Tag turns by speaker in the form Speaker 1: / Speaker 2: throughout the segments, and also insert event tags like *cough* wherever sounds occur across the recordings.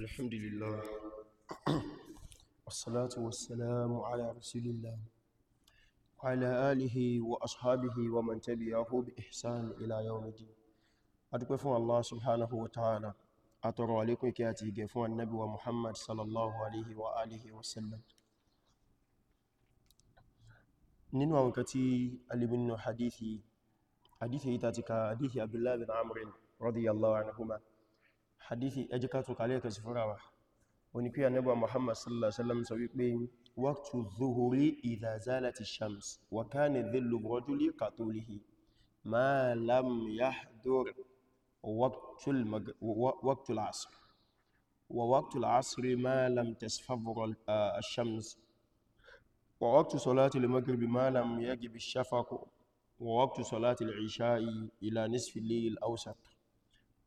Speaker 1: الحمد لله والصلاة والسلام على رسول الله وعلى آله وأصحابه ومن تبعه بإحسان إلى يوم الدين أدوكم فون الله سبحانه وتعالى أترى عليكم كياتي فون النبي ومحمد صلى الله عليه وآله وسلم nínú àwọn kan tí alìbìnà hadithi hadithi yìí ta ti ka hadithi رضي الله عنهما. hadithi ẹ jẹ́ ká tún kàlẹ̀ kẹsì fúnra wa wọ́n ni pé anábà muhammad sallallahu alaihi wasallam sọ wípé waqtu dhuhuri idha zalati shams wa kana dhillu rajuli katulihi ma lam yahdur waqtu al-asr wa waqtu al-asr ma lam tasfavur al-shams wa waqtu salati al-maghrib ma lam yagib ash-shafaq wa waqtu salati al-isha'i ila nisfi al-layl awsat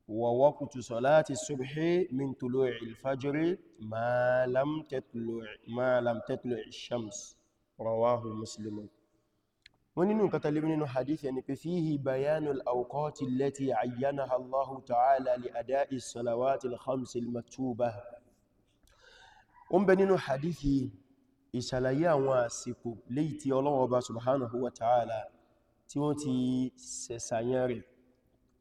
Speaker 1: ووقت صلاة الصبح من طلوع الفجر ما لم تطلع ما لم تطلع الشمس رواه مسلم وننو كتلب ننو حديث يعني فيه بيان الأوقات التي عينها الله تعالى لأداء الصلوات الخمس المكتوبة ونبنينو حديث إساليا واسكو ليتي الله سبحانه وتعالى تيونتي سيسانياري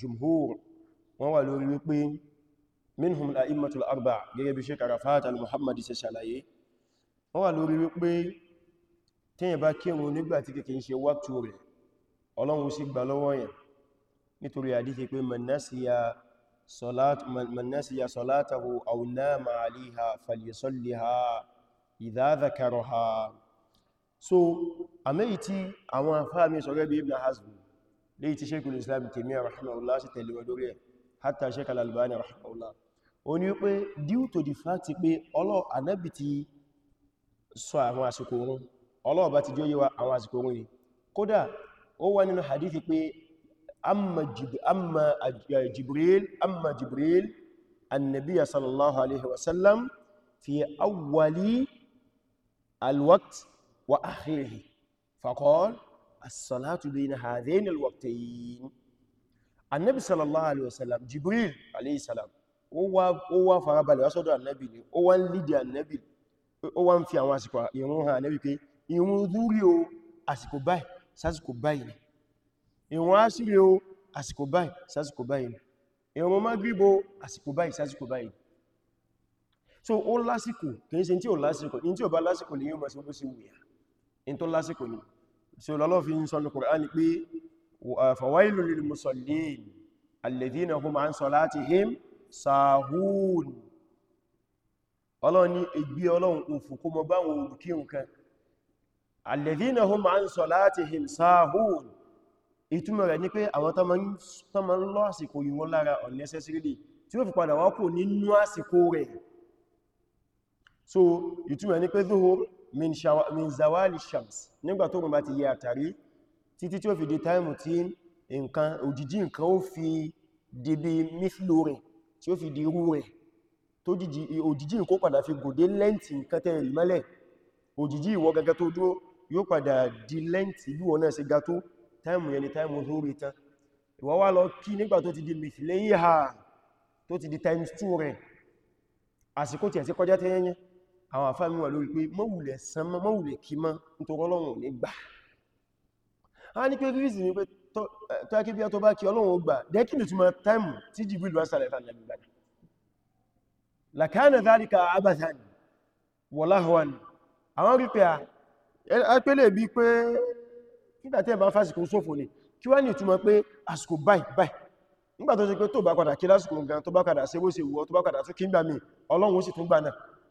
Speaker 1: jùmhur wọ́n wà lórí wípé minhum al-a'immatul arba gẹ́gẹ́ bí Sheikh Arafat al-Muhammadi ṣe ṣàlàyé wọ́n wà lórí wípé tẹ́yìn bá kírun nígbàtí kìkì ń ṣe wákàtí rẹ̀ Ọlọ́run sì gbà lọ́wọ́ yẹn صلاته أو نام عليها فليصلها إذا ذكرها so àmì tí àwọn afáàmì sọ̀rọ̀ bí léyìí tí Shaykhul Islam Taymiyyah rahimahullah sí tẹ̀lé wọn lórí ẹ̀ hatta Shaykh albani rahimahullah ó ní wípé due to the fact pé ọlọ́ anábì ti sọ àwọn àsìkò oorun ọlọ́ọ̀ bá ti jọ yíwa àwọn àsìkò oorun ni kódà ó wà nínú hadithi pé amma jibril amma jibril sallallahu alaihi wasallam fi awwali alwaqt wa akhirihi faqala as-salatu bayna hadhaini al-waqtayn annabi sallallahu alaihi wasallam jibril alaihi salam ó wá ó wá farabalẹ̀ wá sọ́dọ̀ annabi ni ó wá ń lìdí annabi ó wá ń fi àwọn àsìkò ìrun hàn annabi pé ìrun dúrí o àsìkò báyìí sásìkò báyìí ni ìrun àṣírí o àsìkò báyìí sásìkò báyìí ni ìrun magribo àsìkò báyìí sásìkò báyìí so ó lásìkò kìí ṣe tí ò lásìkò in tí ò bá lásìkò lè yíò mọ̀ sí ó bó sí wùyà in tó lásìkò ni sí olọ́lọ́ fi ń sọ ní Kùránì pé fawailul lil musallin alladhina hum an salatihim sahun ọlọ́run ní ègbé ọlọ́run òfù kó mọ báwọn olùkírun kan alladhina hum an salatihim sahun ìtumọ̀ rẹ̀ ní pé àwọn tó ń lọ àsìkò yìí lára unnecessarily tí ó fi padà wá nínú àsìkò rẹ̀ so ìtumọ̀ ní pé zuhur min zawali shams nígbà tó rùn bá ti yẹ àtàrí títí tí ó fi di táìmù tí nǹkan òjìjí nǹkan ó fi di bí míflò rẹ̀ tí ó fi di irú rẹ̀ tó jìjì òjìjí nǹkan padà fi gòdé lẹ́ǹtì nǹkan tẹ́ rí mẹ́lẹ̀ òjìjí ìwọ gẹ́gẹ́ tó dúró yóò padà di lẹ́ǹtì bí wọ́n náà ṣe ga tó táìmù yẹn ni táìmù tó rí tán ìwọ wá lọ kí nígbà tó ti di mìfìlẹ́yìn ha tó ti di times 2 rẹ̀ àsìkò tí ẹ̀ sí kọjá tẹ́yẹn àwọn àfáàmì wà lórí pé mọ́wùlẹ̀ sánmọ́ mọ́wùlẹ̀ kí mọ́ nítorí ọlọ́run ní gbà a ní pé rízì ní pé tọ́kí bí a tó bá kí ọlọ́run gbà dẹ́kì ní túnmọ̀ táìmù tí Jibril wá sàrẹ̀ ni kí wá ní ìtumọ̀ pé àsìkò báyìí báyìí nígbà tó ṣe pé tó bá padà kí lásìkò gan tó bá padà ṣe bó ṣe wọ́ tó bá padà tó kí ń gbà mí ọlọ́run ó sì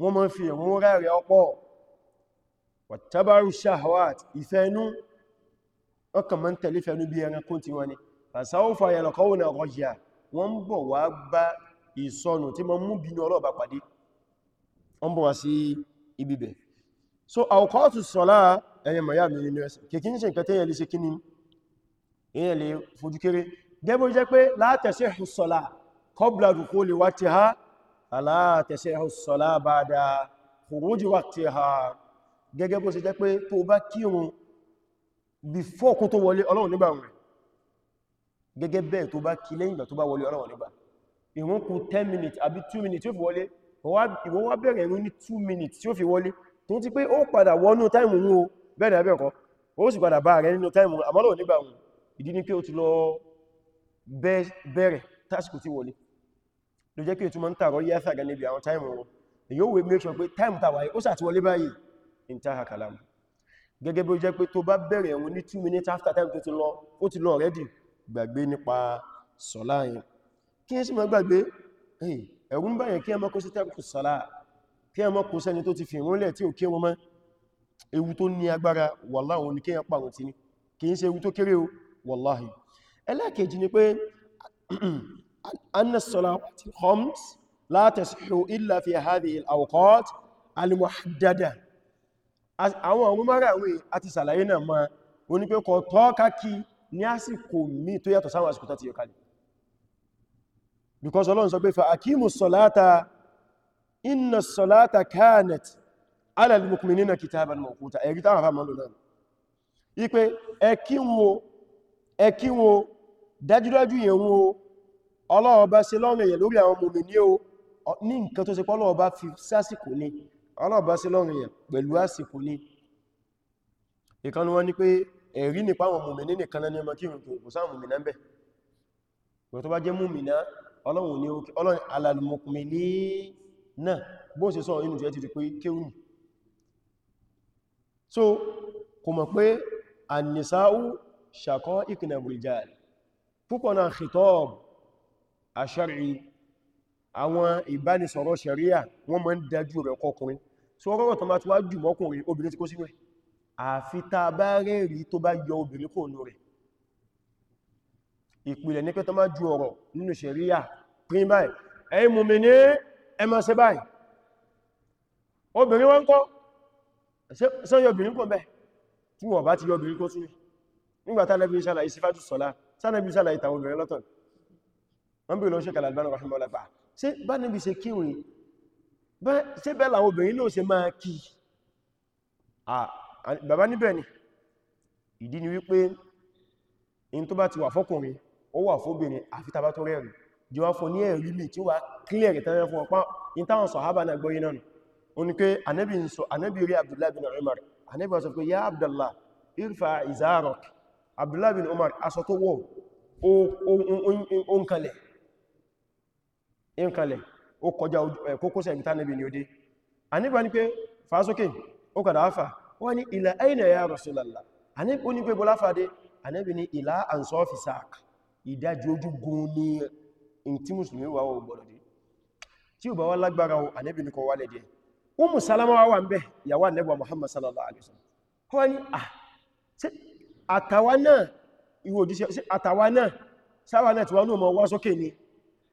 Speaker 1: wọ́n mọ́ fi ìmúra rẹ̀ ọpọ̀ wàtàbárù shahwat ìfẹ́nú ọkàn mọ́ tẹ̀lé fẹ́nú bí ẹranko ti wọ́n ni fàsáwọ́fà yẹlọ̀kọ́wọ́ na rọ̀yà wọ́n bọ̀ wá bá ìsọnù tí mọ́ mú bínú ọlọ́ọ̀bá pàdé so àwọ̀kọ́tù sọ́lá ẹyẹ mọ̀yá mi nínú ẹsẹ̀ kìkí ń ṣe nǹkan tẹ́yẹ lè ṣe kí ni èyẹ lè fojú kéré gẹ́gbó ala tasihu as-salah ba'da khuruji waqtiha gẹ́gẹ́ bó ṣe jẹ́ pé tó bá kírun before kó tó wọlé Ọlọ́run nígbà rẹ̀ gẹ́gẹ́ bẹ́ẹ̀ tó bá kí lẹ́yìn ìgbà tó bá wọlé Ọlọ́run nígbà ìrun kù 10 minutes àbí 2 minutes yóò fi wọlé ìwọ́n wá bẹ̀rẹ̀ ìrun ní minutes yóò fi wọlé tó ti pé ó padà wọnú táìmù ní o bẹ́ẹ̀ àbẹ́ ọ̀kọ́ ó sì padà bá rẹ̀ nínú táìmù àmọ́lò nígbà ìdí ni pé ó ti wọlé ló jẹ́ kí ètùmọ̀ ń tààrọ yẹ́ fẹ́gà níbi àwọn táìmù wọn yóò wé make sure pé táìmù tàwà ó sàtíwọlé báyìí in taha kalam gẹ́gẹ́ bí ó jẹ́ pé tó bá bẹ̀rẹ̀ ẹ̀wọ̀n ní 2 minutes after time tó ti lọ ó ti lọ already gbàgbé nípa sọ́lá yẹn kí ẹ sì má gbàgbé ẹ̀rù ń báyẹn kí ẹ má kó sí tẹ́kù sọ́lá kí ẹ má kó sẹ́ni tó ti fi ìrúnlẹ̀ tí ò kí wọn mọ́ ewu tó ní agbára wàláhùn ní kí ẹ pàwọn tí ní kì í ṣe ewu tó kéré o wàláhì ẹlẹ́ẹ̀kejì ni pé أن الصلاة الخمس لا تصح إلا في هذه الأوقات المحددة àwọn àwọn máràwẹ̀ àti sàlàyé náà ma oní pé kò tọ́ káàkì ní àsìkò mí tó yàtọ̀ sáwọn àsìkò tàti yọkalẹ̀ because Ọlọ́run sọ pé fa akímù sọ̀láta inna sọ̀láta kanat ala al-mu'minina kitaban mawquta ẹ̀rí táwọn fàmà lò náà ipé ẹkíwò dájúdájú yẹn wo Ọlọ́run bá ṣe lọ́rùn èyàn lórí àwọn mòmí ní o ní nǹkan tó ṣe pé Ọlọ́run bá fi sásìkò ní Ọlọ́run bá ṣe lọ́rùn èyàn pẹ̀lú àsìkò ní ìkanu wọn ni pé ẹ̀rí nípa àwọn mòmí ní nìkan ní ọmọ kírùn kò sáà mòmí náà bẹ̀ tó bá jẹ́ mòmí so kò mọ̀ pé annisa'u shaqa'iq na rijal púpọ̀ náà khitob àṣàrí àwọn ìbánisọ̀rọ̀ ṣẹ̀ríà wọ́n mọ́ ń dájú rẹ̀ kọkùnrin tí wọ́n rọ̀rọ̀ tó máa tó wá jù mọ́kùnrin obìnrin tí kó síwẹ̀ àfi ta bá rẹ̀rí tó bá yọ obìnrin kò nù rẹ̀ ìpìlẹ̀ ní pé tó máa ju ọ̀rọ̀ nínú ṣẹ̀ríà pín báyìí ẹ̀yin mùmínì ẹ máa ṣe báyìí obìnrin wọ́n kọ́ sọ yọ obìnrin kò bẹ́ẹ̀ tí wọ́n bá ti yọ obìnrin kó tún nígbàtá lẹ́bí ìṣàlàyé sífájú sọ́lá sánàbí ìṣàlàyé tàwọn obìnrin lọ́tọ̀ọ̀ wọ́n bí lọ́ṣẹ́ kalabani rahimahullah ah, ṣe bá níbi ṣe kíwìn ṣe bẹ́ẹ̀ làwọn obìnrin náà ṣe máa kí ah, bàbá níbẹ̀ ni ìdí ni wípé in tó bá ti wà fọ́kùnrin ó wà fóbìnrin àfi tàbá tó rẹ̀ jí wá fún ní ẹ̀rí mi tí ó wà clear tẹ́rẹ fún ọpá in táwọn sàhábà náà gbọ́yé náà o ní pé anẹ́bì ń sọ anẹ́bì rí abdullahi bin umar anẹ́bì sọ pé ya abdullah irfa izarak abdullahi bin umar aṣọ tó wọ̀ ó ń kalẹ̀ ìkanlẹ̀ ó kọjá kókósẹ̀ ìtànàbì ni ó dé a nígbà ní pé fásókè ó kàdà áfà wọ́n ni ìlà aina ya Rasulallah a ní ó ní pé bọ́lá fàdé a níbi ni ìlà ansofi sáàk ìdájí ojú gun ní in tí musulmi wà ó gbọ́dọ̀ dé tí ó bá wá lágbára ó a níbi ni kọ wà lẹ́dẹ̀ Umu Salama wà ń náà ìwò wá sókè ni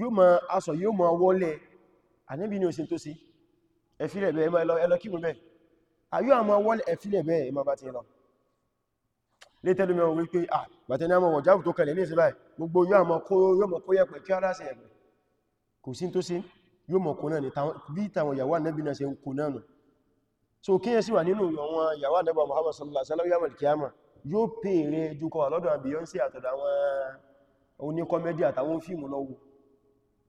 Speaker 1: yóò ma aṣọ yóò ma wọ́lẹ̀ àníbí ní òsìn tó sí ẹ̀fílẹ̀ bẹ́ẹ̀ ma ẹlọ kírùn bẹ́ẹ̀ ayó àmà wọ́lẹ̀ ẹ̀fílẹ̀ bẹ́ẹ̀ ma bá ti lọ létẹ́lú mẹ́wọ̀n wípé ah bàtẹ́ ní àmà wọ̀jáàbù tó kalẹ̀ ní ìsìnbáì gbogbo yóò àmà kó yóò mọ̀ kó yẹ pẹ̀ kí ara sí ẹ̀pẹ̀ ni bí tàwọn yàwó ànẹ́bí náà ṣe ń so kí yẹn sì wà nínú àwọn yàwó ànẹ́bà Muhammad sallallahu alaihi wasallam yóò pè rẹ ju kọ àlọ́dọ̀ àbíyọ́nsí àtọ̀dọ̀ àwọn oníkọ́mẹ́dì àtàwọn fíìmù lọ́wọ́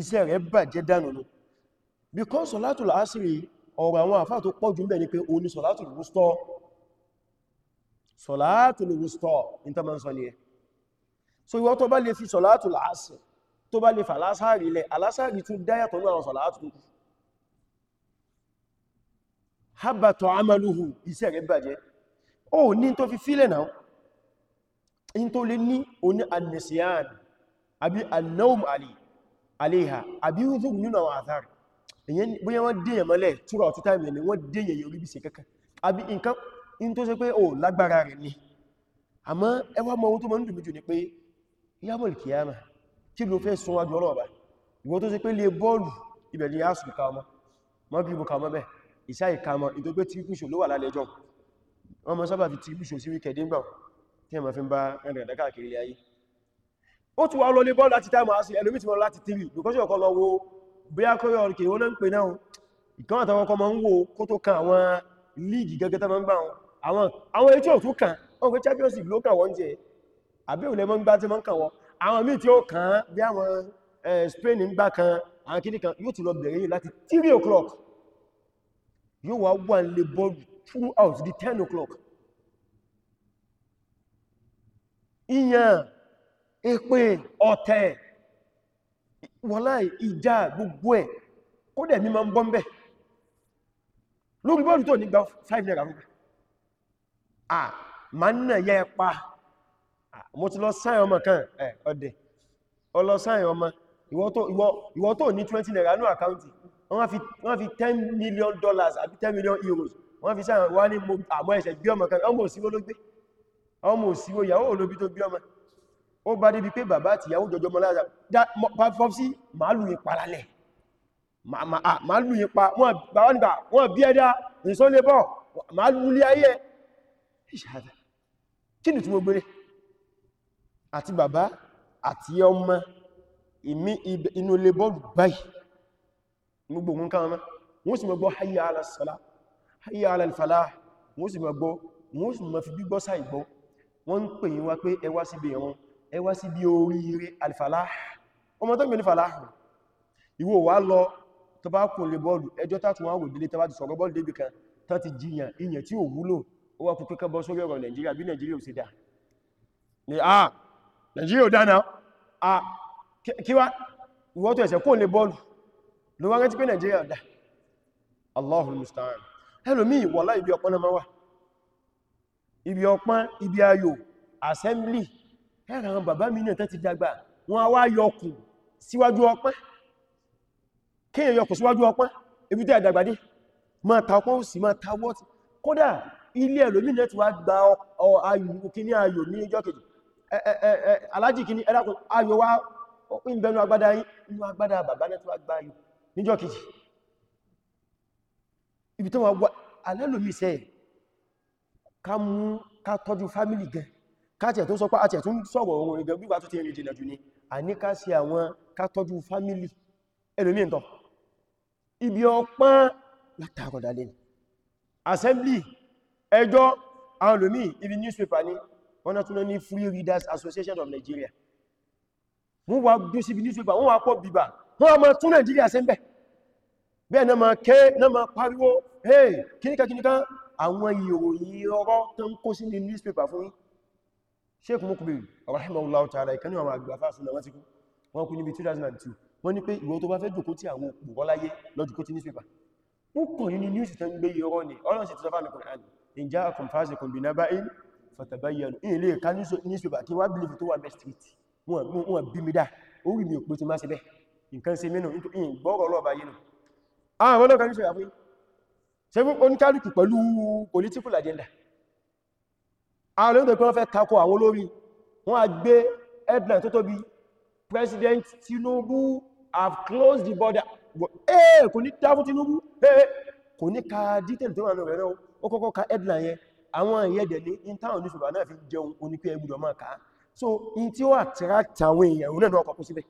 Speaker 1: iṣẹ́ rẹ̀ bàjẹ́ dànù nù because sọ̀látù lásìrì ọ̀rọ̀ àwọn àfá tó pọ̀ jù ń bẹ̀ ní pé o ní sọ̀látù lùwústọ́ sọ̀látù lùwústọ́ intermanson ni ẹ so ìwọ tó bá lè fi sọ̀látù lásì tó bá lè fàlásàrì lẹ alásàrì tún dáyàtọ̀ ní àwọn sọ̀látù tó kù habatọ̀ amaluhu iṣẹ́ rẹ̀ bàjẹ́ o ní tó fi fílẹ̀ aléhà àbí ó tóbi nínú àwọn àtàrí èyàn bóyá wọ́n dèyàn mọ́lẹ̀ túrọ̀ ọ̀tọ́ táìmì ni wọ́n dèyàn yóò ríbi sí kankan àbí nǹkan in tó ṣe pé o lágbára rẹ̀ ni àmọ́ ẹwà mọ́ tó mọ́ ń dùnmí jù ní pé yámọ̀lì kìyàmà kí ló fẹ́ sun tó pé ni pé ó ti wà lọ lé bọ́ọ̀lù láti táìmù àásì ẹlòmí ti mọ́ láti tv because ọkọ̀ lọ wo bí a kọ́rọ̀ ọ̀rùkè wọ́n ń pè náà ìkan àtàwọn ọkọ̀ ma ń wo kó tó kan àwọn líìgì gẹ́gẹ́ tó ma ń gbà wọn àwọn etí ò tún kan wọn pé champions league ló kàn wọ́n jẹ àbí òun lè mọ́ ń gbá tí mọ́ ń kàn wọ́n àwọn míì tí ó kàn bí àwọn spain ń gbá kan àwọn kìnnì kan yóò ti lọ bẹ̀rẹ̀ yìí láti 3 o'clock yóò wá wà lè bọ́ọ̀lù throughout the 10 o'clock ìyàn èpè ọ̀tẹ̀ wọ́lá ìjà gbogbo ẹ̀ kó dẹ̀ mímọ̀ ń bọ́ mẹ́ lórí bọ́ọ̀lù tó nígbà 5 naira rúgbà à ma ń nà yẹ pa mo ti lọ sáyẹn ọmọ kan ọdẹ̀ ọlọ sáyẹn ọmọ ìwọ tó ní 20 naira ní àkáùntì wọ́n fi 10 million dollars àbí 10 million euros wọ́n fi sáyẹn wá ní àmọ́ ẹ̀ṣẹ̀ bí ọmọ kan ọmọ òsíwó ló gbé ọmọ òsíwó ìyàwó olóbi tó bí ọmọ ó bá débi pé bàbá àti ìyàwó jọjọ mọ́lára fọ́fí màálù yìí paralẹ̀ màálù yìí pa wọ́n bá wọ́n bí ẹ̀dá ìsọ́lébọ̀ màálù lé ayé ìṣàdá kí ni tí mo gbére àti bàbá àti ọmọ ìmí inú ilé bọ́ọ̀lù báyìí gbogbo wọn káwọn wọ́n sì mọ́ gbọ́ hayya ala salah hayya ala falah wọ́n sì mọ́ gbọ́ wọ́n sì mọ́ fi gbígbọ́ sáì gbọ́ wọ́n ń pè yín wá pé ẹ wá síbi ẹ sí bí oríire alfalah ọmọ tó gbẹ̀lú falah ìwọ wá lọ tó bá kùn lè bọ́ọ̀lù ẹjọ́ tàtún wọ́n wòdílé tó ti sọ̀rọ̀ bọ́ọ̀lù débì kan tó ti jiyàn ìyàn tí ò wúlò ó wá kúkú kẹbọ́ sórí a Nàìjíríà ò dáná a kí wá ìwọ tó ẹ̀sẹ̀ kùn lè bọ́ọ̀lù ló wá rántí pé Nàìjíríà ò dá assembly ẹ̀rọ àwọn bàbá mi náà tán ti dàgbà wọn a wá yọkù síwájú ọpọ́n kéèyàn yọkù síwájú ọpọ́n ebi tẹ́ àdàgbàdé ma ta ọpọ́n ó sì ma ta wọ́t kódà ilé ẹlòmínà ti wá gba kíní ayò ní ọjọ́ kejì alájì kíní ẹ̀dàkùn ayò wá ń bẹnu agbádá inú agbádá bàbá náà ti wá gba ayò níjọ́ kejì ibi tó tọ́jú fámílì gan káàtẹ̀ tó sọ pé àtẹ̀ tún sọ̀rọ̀ ohun ìgbẹ̀ gbígbà tó ti rìn jìnà jù ní a ní ká sí àwọn kátọ́jú fámílì ẹlòmí ìntọ́ ibi ọpán látàrọ̀ ni assembly ẹjọ́ àwọn olómi ibi newspaper ni wọ́n náà tún ní Free Readers Association of Nigeria wọ́n wá gbé sí ibi newspaper wọ́n wá pọ̀ bíbà wọ́n wá tún Nigeria sẹ́mbẹ̀ bẹ́ẹ̀ náà máa ké náà máa pariwo hey kíníkà kíníkà àwọn ìròyìn ọ̀rọ̀ tó ń kó sí ní newspaper fún yín sheik mukbil rahimahullahu ta'ala ìkaní àwọn àgbàfà súnà wọ́n ti kú wọ́n kú níbi 2002 wọ́n ní pé ìwọ tó bá fẹ́ jòkó tí àwọn òpùrọ́ láyé lọ́jùkó tí newspaper ó kàn nínú news tó ń gbé yọrọ ni ọlọ́run sì ti sọfà nìkan àní in ja'akum fasiqun bi naba'in fatabayyanu in ilé ìka newspaper kí wọ́n believe tó wà best street wọ́n bí mi dá orí mi òpó ti má ṣe bẹ́ nǹkan ṣe mẹ́nu in gbọ́rọ̀ lọ́ọ̀bá yìí nù àwọn ọlọ́kan ní sọ ìyàfẹ́ ṣe fún oníkálùkù pẹ̀lú political agenda àwọn olóòtò pé wọ́n fẹ́ kakọ àwọn olórí wọ́n a gbé headline tó tóbi President Tinubu have closed the border eh kò ní dáfún Tinubu eh, eh kò ní ka detail tó wà náà rẹ̀ ó kọ́kọ́ ka headline yẹn àwọn ìyẹ́dẹ̀ ní intanet newspaper náà fi jẹun onípẹ́ ẹgbùdọ̀ máa ká so in tí ó attract àwọn èèyàn òun náà kọkún síbẹ̀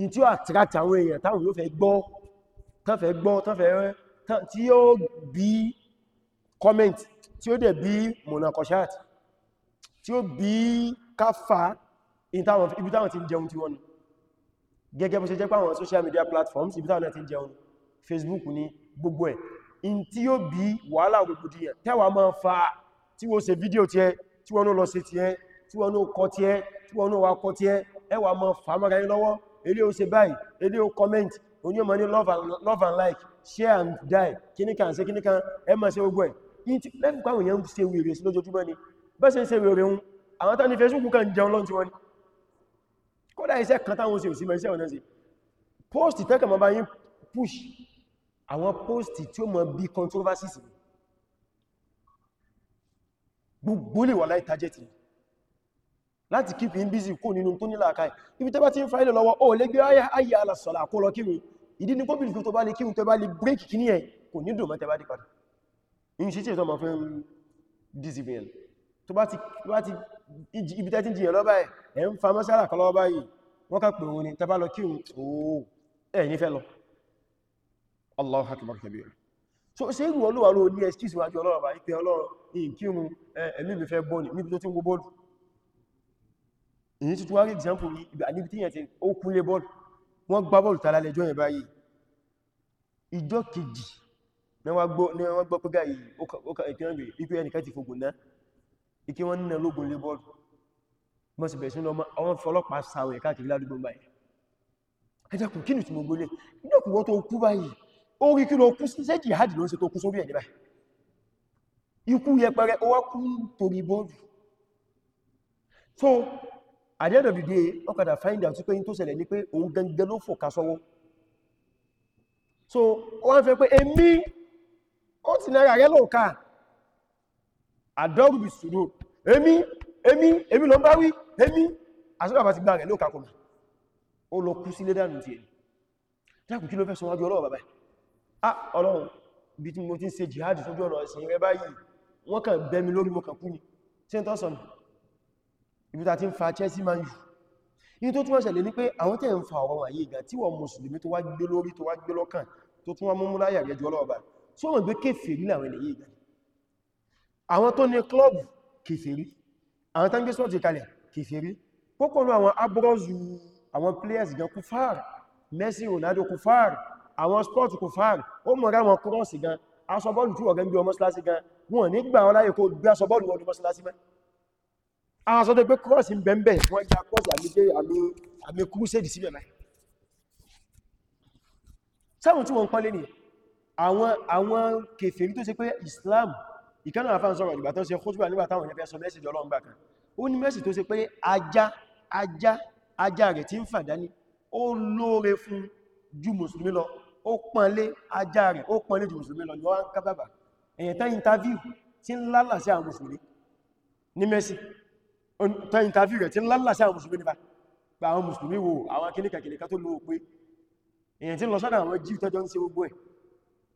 Speaker 1: in tí ó attract àwọn èèyàn táwọn yóò fẹ́ gbọ́ tán fẹ́ gbọ́ tán fẹ́ tí ó bí comment tí ó dẹ̀ bí monakoshat tí ó bí káfà ibi táwọn ti ń jẹun tí wọ́n ni gẹ́gẹ́ bó ṣe jẹ́ pàwọn social media platforms ibi táwọn ti ń jẹun Facebook ni gbogbo ẹ̀ in tí ó bí wàhálà rògbòdìyàn tẹ́wà máa fa tí wọ́n ṣe fídíò tí ẹ tí wọ́n lọ ṣe tí ẹ tí wọ́n kọ tí ẹ tí wọ́n wá kọ tí ẹ ẹwà máa fa mọ́ra yín lọ́wọ́ elé ó ṣe báyìí elé ó comment oní ọmọ ní love and like share and die kíníkan ṣe kíníkan ẹ máa ṣe gbogbo ẹ̀ lẹ́bùn pàwọn èèyàn ṣe wèrè sí lójoojúmọ́ ni bẹ́sẹ̀ ṣe wèrè ohun àwọn tán ní Facebook kan jẹun lọ́n tí wọ́n ni kódà iṣẹ́ kan táwọn ṣe òsìmọ̀ iṣẹ́ ọ̀nà sí post tẹ́kà ma bá yín push àwọn post tí ó mọ̀ bí controversies gbogbo lè wà láì targeting láti keep in busy kó nínú tó nílà àkáì ibi tẹ́bá tí ń fáìlẹ̀ lọ́wọ́ ó lé gbé ayé alàsọ̀lá kó lọ kírun ìdí ni kóbìnrin tó bá lè kírun tó bá lè break kí ní ẹ̀ kò ní dùn mọ́ tẹ́bá dé padà initiative tó ma fẹ́ discipline tó bá ti ibi tẹ́tí jìyàn lọ́bá ẹ̀ ẹ̀ ń fa mọ́sára kan lọ́bá yìí wọ́n ká pè wọn ni tẹ́bá lọ kí oó fẹ́ lọ Allahu akbar so ṣe ìrù olúwa ló ní excuse wájú ọlọ́rọ̀ bá ipẹ ọlọ́rọ̀ ìkírun ẹ̀mí mi fẹ́ bọ́ọ̀lù níbi tó ti ń gbó bọ́ọ̀lù èyí example ní ibi àníbi tí yẹn ti ó kúnlé bọ́ọ̀lù wọ́n gbá bọ́ọ̀lù tààlà ìjọ́ kejì ní wọ́n gbọ́ pẹ́gà yìí ìkìrànjò ipé ẹnìkan ti fògùn náà ikí wọ́n nínú ológun labor mọ́sí bẹ̀rẹ̀ sínú ọmọ àwọn fọlọ́pàá sàwẹ̀ káàkiri ládùgbò báyìí ẹjẹ́kùn kí ni tí mo gbólé ìdọ́kùn wọ́n tó kú báyìí ó rí kí ló kú sí ṣe jihad ló ń ṣe tó kú sórí ẹ̀ níbà ikú yẹpẹrẹ ó wá kú torí bọ́ọ̀lù so at the end of the day wọ́n padà find out pé tó ṣẹlẹ̀ ní pé òun gangan ló fò kásọwọ́ so wọ́n fẹ́ pé èmi ó ti nára rẹ̀ lóòká àdọ́rùbì sùúrù èmi èmi èmi ló ń bá wí èmi àṣíkàbà ti gbà rẹ̀ lóòká kọmù ó lọ kú sílé dànù ti ẹ̀ dákùn kí ló fẹ́ sọwájú ọlọ́run bàbá ah ọlọ́run bí tí mo ti ń ṣe jihadi sójú ọ̀nà ẹ̀sìn mo kàn kú ni tí ń tọ́sọ̀nù ibi ta ti ń fa chelsea man yù ní tó tún wọ́n ṣẹlẹ̀ ní pé àwọn tẹ́ ń fa ọ̀rọ̀ wọ̀nyí tí wọ́n mùsùlùmí tó wá gbé lórí tó wá gbé lọ́kàn tó tún wá múmúláyà rẹ̀ jù ọlọ́ọ̀bà tí ó mọ̀ pé kéfèrí láwọn ilẹ̀ yìí gani àwọn tó ní klọ́bù kéfèrí àwọn tó ń gbé sọ́ọ̀tì kalẹ̀ kéfèrí púpọ̀ ní àwọn abúrọ́zù àwọn players gan kúfàr Messi Ronaldo kúfàr àwọn sport kúfàr ó mọ̀ ra wọn cross gan asọ́bọ́ọ̀lù tí ọ̀gẹ́ ń gbé ọmọ síláṣí gan wọn ní gbà wọn láyé kó gbé asọ́bọ́ọ̀lù wọn ọmọ síláṣí mẹ́ àwọn sọ pé cross ń bẹ̀m̀bẹ̀ wọ́n já cross àmì crusade sí mẹ́mẹ́ sáwọn tí wọ́n ń pọ́lé nìyẹn àwọn àwọn kèfèrí tó ṣe pé Islam ìkánà àfáà sọ̀rọ̀ ìgbà tó ṣe khutbah nígbà táwọn èèyàn fẹ́ sọ mẹ́sì jọlọ́n gbà kan ó ní mẹ́sì tó ṣe pé ajá ajá ajá rẹ̀ tí ń fà dání ó lóore fún ju mùsùlùmí lọ ó pọ́nlé ajá rẹ̀ ó pọ́nlé ju mùsùlùmí lọ yọ́ kábàbà èyàn tán interview tí ń lálà sí àwọn mùsùlùmí ní mẹ́sì tán interview rẹ̀ tí ń lálà sí àwọn mùsùlùmí nípa àwọn mùsùlùmí wo àwọn kíníkà kíníkà tó lóò pé èyàn tí ń lọ sọ́dọ̀ àwọn jíù tọ́jọ́ ń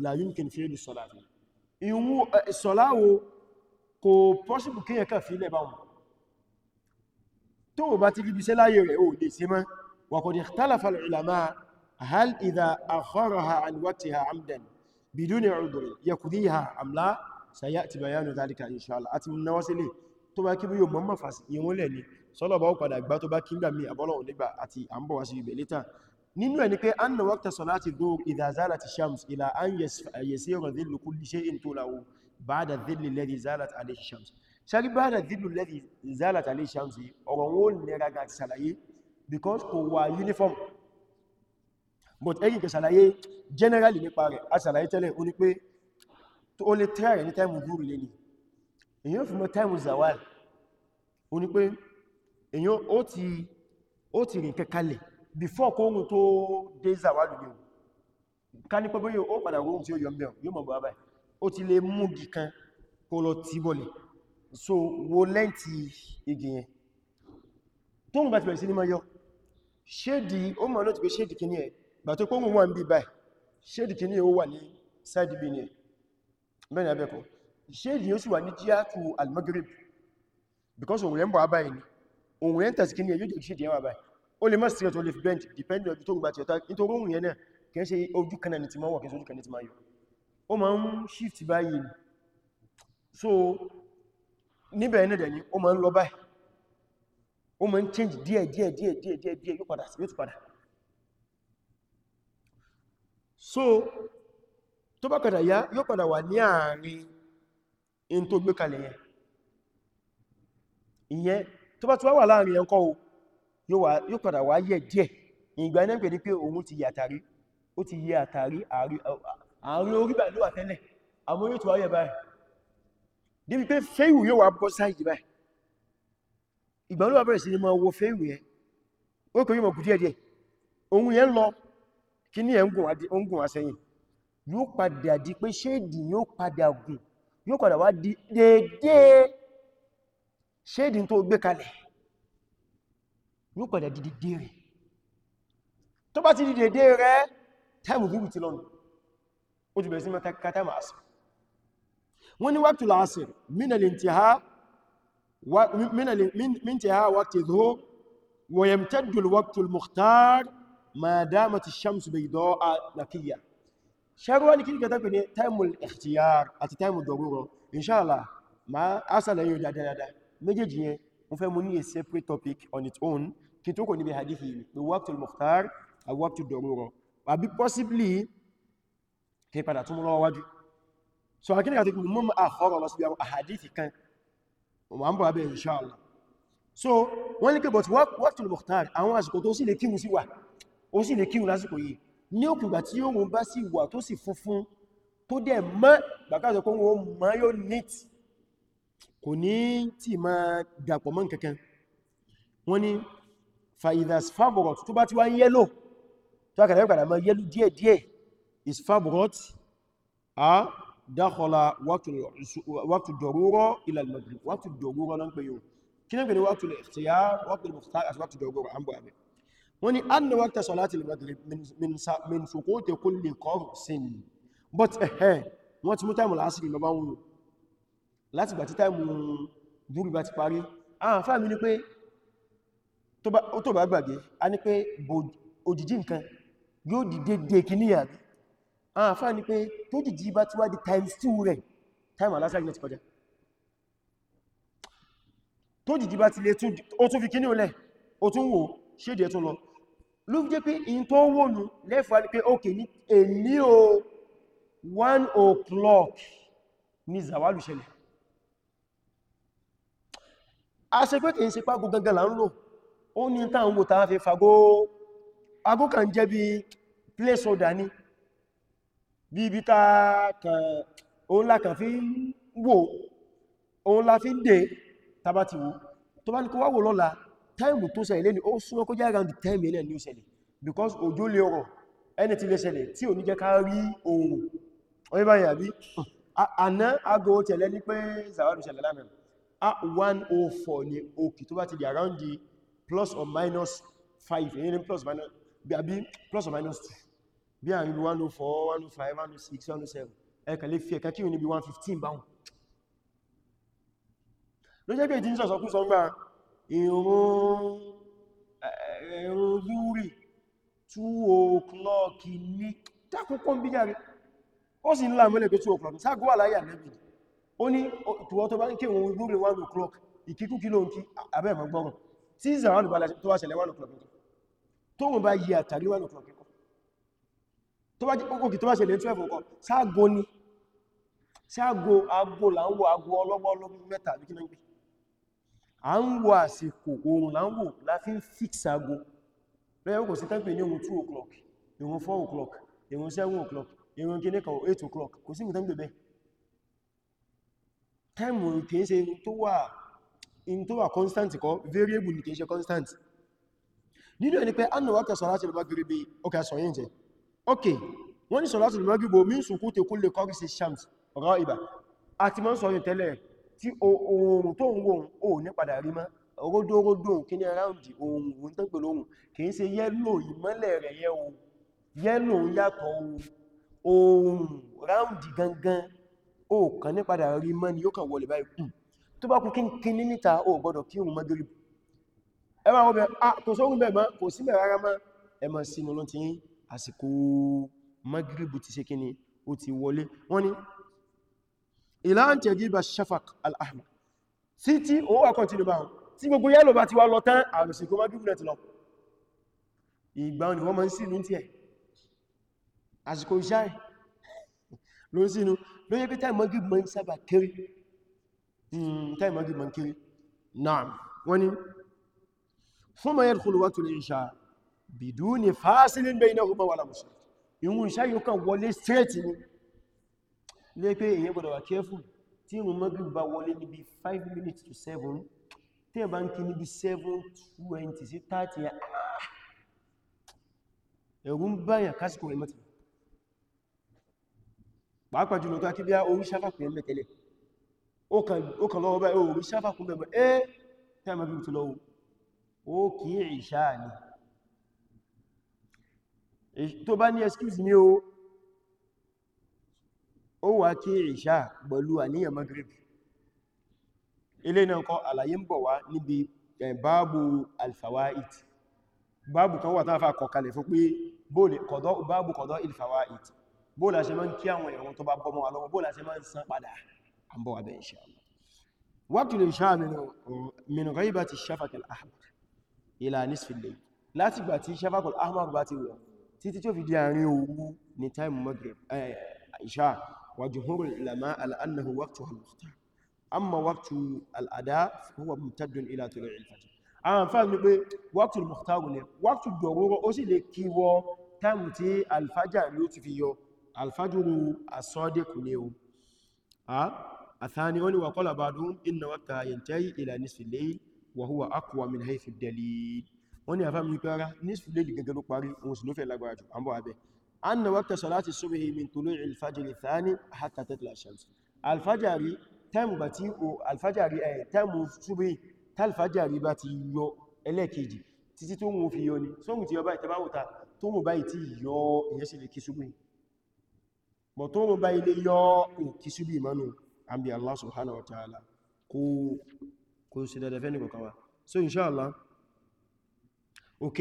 Speaker 1: la yumkin fi ìlúsọ̀lá eh, fi ìwú ìsọ̀láwò kò pọ́sìbù kíyàn kan fi ilẹ̀ báwọn tó bá ti ríbi sẹ́láyé rẹ̀ ó lè sí mọ́ wa qad ikhtalafa al-ulama hal idha akharaha an waqtiha amdan biduni udhrin yaqdiha am la sayati bayanu dhalika inshallah àti nawasile tó bá kí bí yóò mọ́mọ́ fàsí ìwọ́n lẹ̀ ni sọ́lọ̀ bá ó padà gbá tó bá kí ń gbà mí àbọ́lọ̀ nínú ẹni pé anna waqta salati dhuhr idha zalat ash-shams ila an yasira dhillu kulli shay'in tulahu ba'da dhilli alladhi zalat alayhi ash-shams ṣarí ba'da dhillu alladhi zalat alayhi ash-shams ọ̀rọ̀ wọn nira ga ti ṣàlàyé because kò wà uniform but ẹ̀yìn kẹ ṣàlàyé generally nípa rẹ̀ a ṣàlàyé tẹ́lẹ̀ ó ní pé ó lè try ní time gúrù lé ní èyàn fi mọ́ time zawal ó ní pé èyàn ó ti rìn kẹkalẹ̀ before kóòrùn tó dé zàwálù ní ká ní pẹ́bẹ́ yóò padà rọrùn tí ó yọ mẹ́rin yóò mọ̀ bọ̀ abáyé ó ti lè mú gì kan kó lọ tí bọ̀lẹ̀ so wo lẹ́ntì igi yẹn tó ń bá ti bẹ̀rẹ̀ sí ní mọ́yọ́ ṣéèdì ó mọ̀ lọ́tí pé ṣéèdì kìíní ẹ̀ bà tó kóòrùn wà ń bí báyìí ṣéèdì kìíní ó wà ní side bin ẹ̀ bẹ́ẹ̀ni abẹ́kọ̀ọ́ ṣéèdì yóò sì wà ní jíátù al-Maghrib because òun rẹ̀ ń bọ̀ abáyé ni òun rẹ̀ ń tàṣì kìíní ẹ̀ yóò jẹ́ ṣéèdì yẹn wà báyìí ó lè mọ́ straight ó lè fi bend depending on tó gbà tí ọ̀tá nítorí ohun yẹn náà kẹ́ ṣe ojú kan náà ni ti máa wà kẹ́ ṣe ojú kan náà ti máa yọ ó máa ń shift báyìí so níbẹ̀ náà dẹ̀ ni ó máa ń lọ báyìí ó máa ń change díẹ̀ díẹ̀ díẹ̀ díẹ̀ díẹ̀ díẹ̀ yóò padà sí yóò so tó bá padà yá yóò padà wà ní àárín in tó gbé kalẹ̀ yẹn yóò padà wá yẹ̀ díẹ̀ ìgbà iná pẹ̀lú pé òun ti yàtàrí ó ti yẹ àtàrí àárín orígbà ló wà tẹ́lẹ̀ àmọ́ yóò tó wáyẹ̀ báyìí débi pé fẹ́ìwù yóò wá bọ́ sáìdì báyìí ìgbà ló wà bẹ̀rẹ̀ sí ni mọ́ owó fẹ́ìwù yẹn ó kò yí mọ̀ kù díẹ̀ díẹ̀ ohun yẹn lọ kí ní ẹ̀ngùn àsẹ́yìn yóò padà di pé ṣéèdì yóò padà gùn yóò padà wá di déédéé ṣéèdì tó gbé kalẹ̀ yóò padà dìde rẹ̀ tó bá ti dìde rẹ̀ táìmù gúrù ti lọ́nà ó ti bẹ̀rẹ̀ sí mẹ́ta kátàmà asì wọ́n ni wákìtù láàsì mínàlìntìhá wákìtì zó wọ̀yẹ̀mtẹ́dùl wákìtù mukhtar ma dáma ti shamsu bai dọ́ a nakiya ṣarwa ni kíkà tafi ne taimul ikhtiyar àti taimul dọ̀rọ̀rọ̀ inshallah ma asala yóò dáadáa méjèèjì yẹn mo fẹ́ mú ní a separate topic on its own kí tó kò níbi hadithi ni pé waqtul mukhtar àbí waqtul darura àbí possibly kí padà tún lọ́wọ́ wájú so akíní àti kí mọ́ àkọ́rọ̀ lọ sí àwọn hadithi kan wọ́n bọ̀ abẹ́ insha Allah so wọ́n ní pé but waqtul mukhtar àwọn àsìkò tó sì lè kíwù sí wà ó sì lè kíwù lásìkò yìí ní òkùngbà tí yóò bá sì wà tó sì funfun tó dẹ̀ mọ́ gbàkázọ̀ kó wọ́n mọ́ yóò neat kò ní tí ma dàpọ̀ mọ́ nǹkankan wọ́n ní فإذا صفبرت tó bá ti wá ń yẹ́lò tó kàdà yóò kàdà mọ́ yẹ́lò díẹ̀ díẹ̀ isfabrot a dákọla waqtu darura ila al-maghrib waqtu darura náà pẹ̀yọ kí ní pẹ̀lú waqtu al-ikhtiyar waqtu al-mukhtar àti waqtu darura an bọ̀rẹ̀ wọ́n ni anna waqta salati al-maghrib min suquti kulli qarsin but ẹ̀hẹ́ wọ́n ti mú táìmù lásìrì lọ bá wọn láti gbà tí táìmù dúrù bá ti parí àwọn fáàmì ni pé tó bá gbàgbé a ní pé òjìjí nǹkan yóò dìde dé kì níyà bí àwọn àfáà ní pé tó jìjí bá ti wá di times two rẹ̀ time alásàrí náà ti kọjá tó jìjí bá ti lè ó tún fi kíní olẹ̀ ó tún wò ṣédì ẹ̀tún lọ ló jẹ́ pé in tó wónú lẹ́fà ní pé ókè ní èní o 1 o'clock ní zawalu ṣẹlẹ̀ a ṣe pé kìí ṣe pá gangan là ń lò ó ní táwọn wò tàà fi fagó agó kan jẹ́ bí placeholder ní bí ibi ta kan òun la kan fi wò òun la fi dé tàbá ti wò tó bá ní kó wá wò lọ́la táìmù tó ṣẹlẹ̀ ní ó súnmọ́ kó jẹ́ around the time ilẹ̀ ní ó ṣẹlẹ̀ because òjò lè ọ̀rọ̀ ẹni ti lè ṣẹlẹ̀ tí ò ní jẹ́ ká rí oòrùn orí báyìí àbí àná ago tẹ̀lẹ́ ní pé zawadu ṣẹlẹ̀ lánàá 104 ni òkè tó bá ti di around plus or minus 5 èyí plus minus bí àbí plus or minus 2 bí àrin 104 105 106 107 ẹ̀kà lè fi ẹ̀kà kí o níbi 115 báhùn ló jẹ́ pé ìdí ìṣọ̀sọ̀ kún sọ gbá ìrùn lúrì 2 o'clock ní dákúnkọ́ bí járe ó sì ńlá mọ́lẹ̀ pé 2 o'clock ságó àláyà nẹ́bì ó ní tùwọ́ tó bá ń kí òun lúrì 1 o'clock ìkíkú kí ló ń kí abẹ́ ìmọ̀gbọ́rùn sí ìsànwọ́n lùbá tó wá ṣẹlẹ̀ 1 o'clock tó wọ́n bá yí àtàrí 1 o'clock kẹ́kọ́ tó bá kòkì tó bá ṣẹlẹ̀ 12 o'clock sáàgó ní sáàgó agbó láńwò agbó ọlọ́gbọ́ ọlọ́gbọ́ mẹ́ta bí kí náà ń pè à ń wo àsìkò oòrùn láńwò láfí ń fix agbó lọ́yẹ́ kò sí tẹ́pẹ̀ ní ohun 2 o'clock ìrun 4 o'clock ìrun 7 o'clock ìrun kí ní kan 8 o'clock kò sí mú tẹ́mù in tó wà constant kọ́ variable ní kìí ṣe constant nínú ẹni pé anna wákẹ̀ salatul maghrib ọkà sọ̀yìn jẹ ok wọ́n ni salatul maghrib min sukuti kulli qarsi shams ghaiba àti mọ́ sọ̀yìn tẹ́lẹ̀ tí oòrùn tó ń wòun ò ní padà rí mọ́ ródóródó kí ní around oòrùn òun tó pẹ̀lú oòrùn kì í ṣe yẹ́lò ìmọ́lẹ̀ rẹ̀ yẹ́ o yellow? yẹ́lò yàtọ̀ oòrùn round gangan ó kàn ní padà rí mọ́ ni yóò kàn wọlé báyìí hmm tó bá kú kí n kí ní níta o gbọ́dọ̀ kí òun Magrib ẹmà ọbẹ̀ tó sórún bẹ̀ mọ́ kò sí bẹ̀ rárá mọ́ ẹmà sínú ló ti yí àsìkò Magrib ti ṣe kíni ó ti wọlé wọ́n ni ila an tajiba al-ahmar sí tí ó wà kọ́ tínú bá wọn tí gbogbo yẹ́lò bá ti wá Magrib náà ti lọ ìgbà ni wọ́n mọ́ sí ní tí ẹ̀ àsìkò iṣẹ́ ló ń sínú ló yẹ Magrib mọ́ sábà kéré táì mọ́gí mọ́ kiri náà wọ́n ni thumma yadkhulu waqtu al-isha biduni fasilin baynahuma wala mushrik ìwọ̀n ìṣá yóò kàn wọlé straight ni lé pé èyàn gbọ́dọ̀ wà careful tí ìrùn mọ́gí bá wọlé níbi 7 tí ẹ̀ bá ń kí níbi 7:20 sí 30 ẹ̀rù ń báyàn kásìkò ẹ̀mọ́tì pàápàá orí sáfàfẹ́ mẹ́tẹ̀lẹ̀ ó kàn lọ́wọ́ báyìí orí sáfà kún bẹ̀bẹ̀ ẹ́ tẹ́mà bí tó lọ́wọ́ ó kì í ìṣà ní tó bá ní excuse ní o ó wà kí ìṣà pẹ̀lú àníyàn Maghrib ilé náà kọ́ àlàyé ń bọ̀ wá níbi báàbù alfawa'id báàbù kan wà tán fà kọkalẹ̀ fún pé báàbù kọ̀dọ̀ ilfawa'id bóòlà ṣe máa ń kí àwọn ìrun tó bá bọ́mọ́ alọ́wọ́ bóòlà ṣe máa ń san padà an bọ̀ abẹ́ insha Allah waqtul isha min ghaibati shafaq al-ahmar ila nisf al-layl láti gbà tí shafaq al-ahmar bá ti wọ̀ títí tó fi di àárín òru ní time maghrib isha wa jumhur al-ulama ala annahu waqtuha al-mukhtar amma waqtu al-ada huwa mumtaddun ila tulu'i al-fajr àwọn fáàmì pé waqtu al-mukhtar ni waqtu ad ó sì lè kíwọ́ táìmù tí alfajr yóò ti fi yọ alfajr asọ́dẹ̀kù ni o الثاني وقال بعضهم إن وقتها ينتهي إلى نصف الليل وهو أقوى من حيث الدليل wọ́n ni a fámi pẹ́ra nísù lè gẹ́gẹ́ ló parí ohun sí ló fẹ́ lágbára jù àmbọ̀ abẹ́ an na waqta salati subhi min tulu'i alfajiri thani hatta tatla shams alfajari taimu bá ti o alfajari ẹ̀ taimu subhi talfajari bá ti yọ ẹlẹ́kejì títí tó mú fi yọ ni báyìí tẹbáwòta yọ ìyẹ́sì lè kí tó mú báyìí lè yọ òkí subhi àbí Allah subhanahu wa ta'ala kó kó sí dada fẹ́ nìkọ̀kan wa so inshallah ok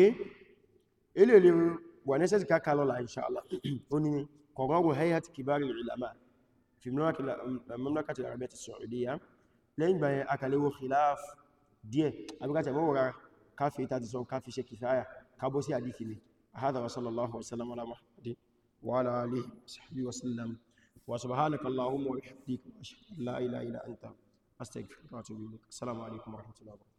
Speaker 1: ilé ilé wà ní sẹ́sì káàkà lọ́la inshallah *clears throat* ó ní kọ̀rọ̀rọ̀ hayat kibari ulama fi mamlakati al-arabiyyah as-saudiya lẹ́yìn bayan akalewo khilaf díẹ̀ abúkátà mọ́wàrá káfí ta ti sọ káfí ṣe kìfáyà kábọ́ sí àdíkì ni a hádà wa ala alihi wa sahbihi وسبحانك اللهم وبحمدك لا اله الا انت استغفرك واتوب اليك السلام عليكم ورحمه الله وبركاته